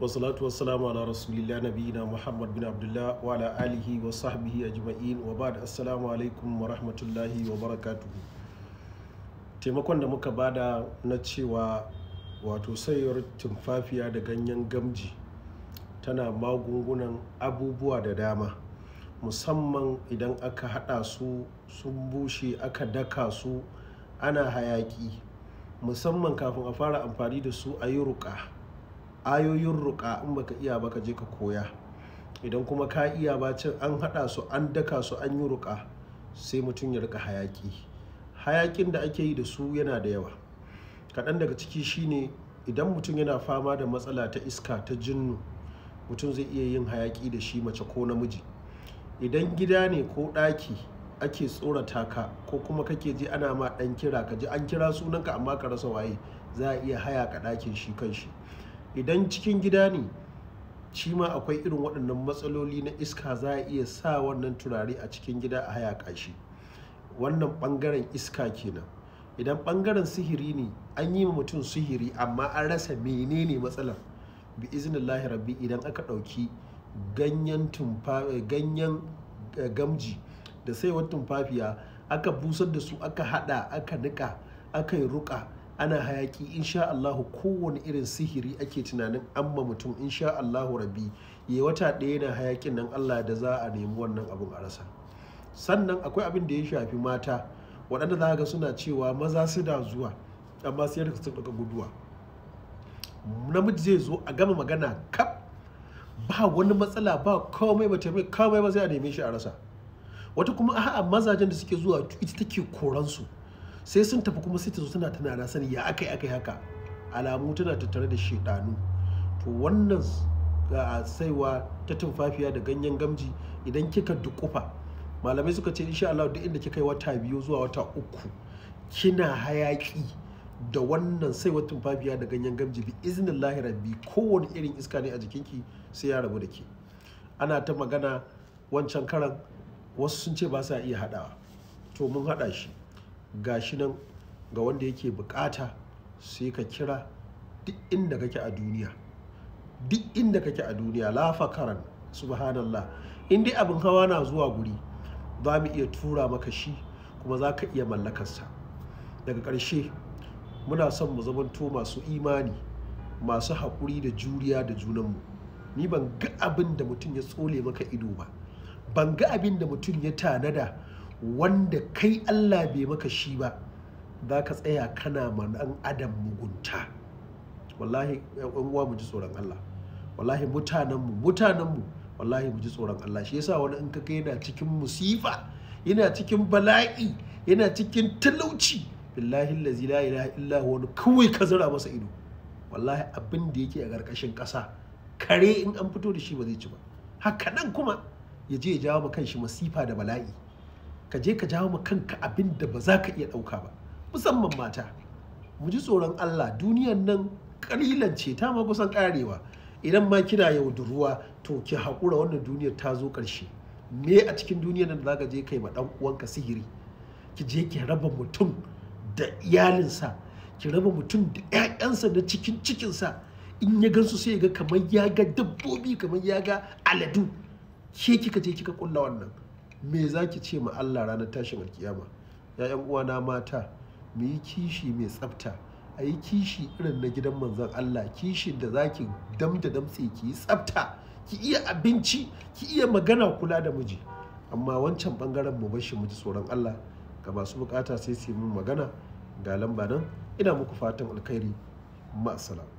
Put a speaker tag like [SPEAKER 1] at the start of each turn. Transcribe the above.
[SPEAKER 1] wasalatu wasalamu ala rasulillah nabiyina muhammad bin abdullah wa ala alihi wa sahbihi ajma'in wa ba'd assalamu alaikum wa rahmatullahi wa barakatuhu taimakon da muka bada na cewa wato sayar tumfafiya da ganyen gamji tana magungunan abubuwa da dama musamman idan aka hada su sun bushe aka daka su ana hayaki musamman kafin a fara amfani da su a yi ruka ayoyin ruka in baka iya baka je ka koya idan kuma ka iya ba an haɗa su an daka su an yi ruka sai mutum ya rika hayaki hayakin da ake yi da su yana da yawa kaɗan daga ciki shine idan mutum yana fama da matsala ta iska ta jinnu mutum zai iya yin hayaki da shi mace ko namiji idan gida ne ko ɗaki ake tsorata ka ko kuma kake ji ana ma ɗan kira ka ji an kira sunanka amma ka rasa waye za a iya haya ka ɗakin shi kan shi idan cikin gida ne shi ma akwai irin waɗannan matsaloli na iska za a iya sa wannan turare a cikin gida a haya kashi wannan ɓangaren iska kenan idan ɓangaren sihiri ne an yi mutum sihiri amma an rasa menene matsalar bi lahi rabbi idan aka ɗauki ganyen eh, ganyen eh, gamji da saiwar tumfafiya aka busar da su aka haɗa aka niƙa aka yi ruƙa. ana hayaki insha Allahu kowane irin sihiri ake tunanin amma mutum insha Allahu rabi ya wata ɗaya na hayakin nan Allah da za a nemi wannan abun a rasa sannan akwai abin da ya shafi mata waɗanda za ga suna cewa maza su da zuwa amma sai da su daga guduwa namiji zai zo a gama magana kap ba wani matsala ba komai ba taimai komai ba sai a neme shi a rasa wata kuma a'a mazajen da suke zuwa ita take koransu sai sun tafi kuma sai ta zo tana tana na sani ya akai akai haka alamu tana tattare da shedanu to wannan saiwa ta tumfafiya da ganyen gamji idan kika dukufa malamai suka ce insha Allah duk inda kika yi wata biyu zuwa wata uku kina hayaki da wannan sai tumfafiya da ganyen gamji bi iznillahi rabbi kowane irin iska ne a jikinki sai ya rabu da ke ana ta magana wancan karan wasu sun ce ba sa iya haɗawa to mun haɗa shi gashi nan ga wanda yake bukata sai ka kira duk inda kake a duniya duk inda kake a duniya lafa karan subhanallah in dai abin hawa na zuwa guri za mu iya tura maka shi kuma za ka iya mallakarsa daga ƙarshe muna son mu zamanto masu imani masu haƙuri da juriya da junanmu ni ban ga abin da mutum ya tsole maka ido ba ban ga abin da mutum ya tanada wanda kai Allah bai maka shi ba za ka tsaya kana ma adam mugunta wallahi yan uwa mu ji tsoron Allah wallahi mutanenmu mutanenmu wallahi mu ji tsoron Allah shi yasa wani in kaga yana cikin musifa yana cikin bala'i yana cikin talauci billahi allazi la ilaha illa wani kawai ka zura masa ido wallahi abin da yake a ƙarƙashin ƙasa kare in an fito da shi ba zai ci ba haka nan kuma ya je ya jawo ma shi masifa da bala'i ka je ka jawo ma kanka abin da ba za ka iya ɗauka ba musamman mata mu ji tsoron Allah duniyan nan kalilan ce ta ma kusan karewa idan ma kina yau da ruwa to ki haƙura wannan duniyar ta zo ƙarshe me a cikin duniyar nan da za ka je kai ma ɗan uwanka sihiri ki je ki raba mutum da iyalinsa ki raba mutum da 'ya'yansa da cikin cikinsa in ya gansu sai ya ga kamar ya ga dabbobi kamar ya ga aladu ke kika je kika ƙulla wannan me za ki ce ma Allah ranar tashin alkiyama ya'yan uwana mata mu yi kishi mai tsafta a yi kishi irin na gidan manzon Allah kishi da za ki dam da damtse ki yi tsafta ki iya abinci ki iya magana kula da miji amma wancan bangaren mu bashi mu ji tsoron Allah ga masu bukata sai su yi mun magana ga lamba nan ina muku fatan alkhairi ma'asalam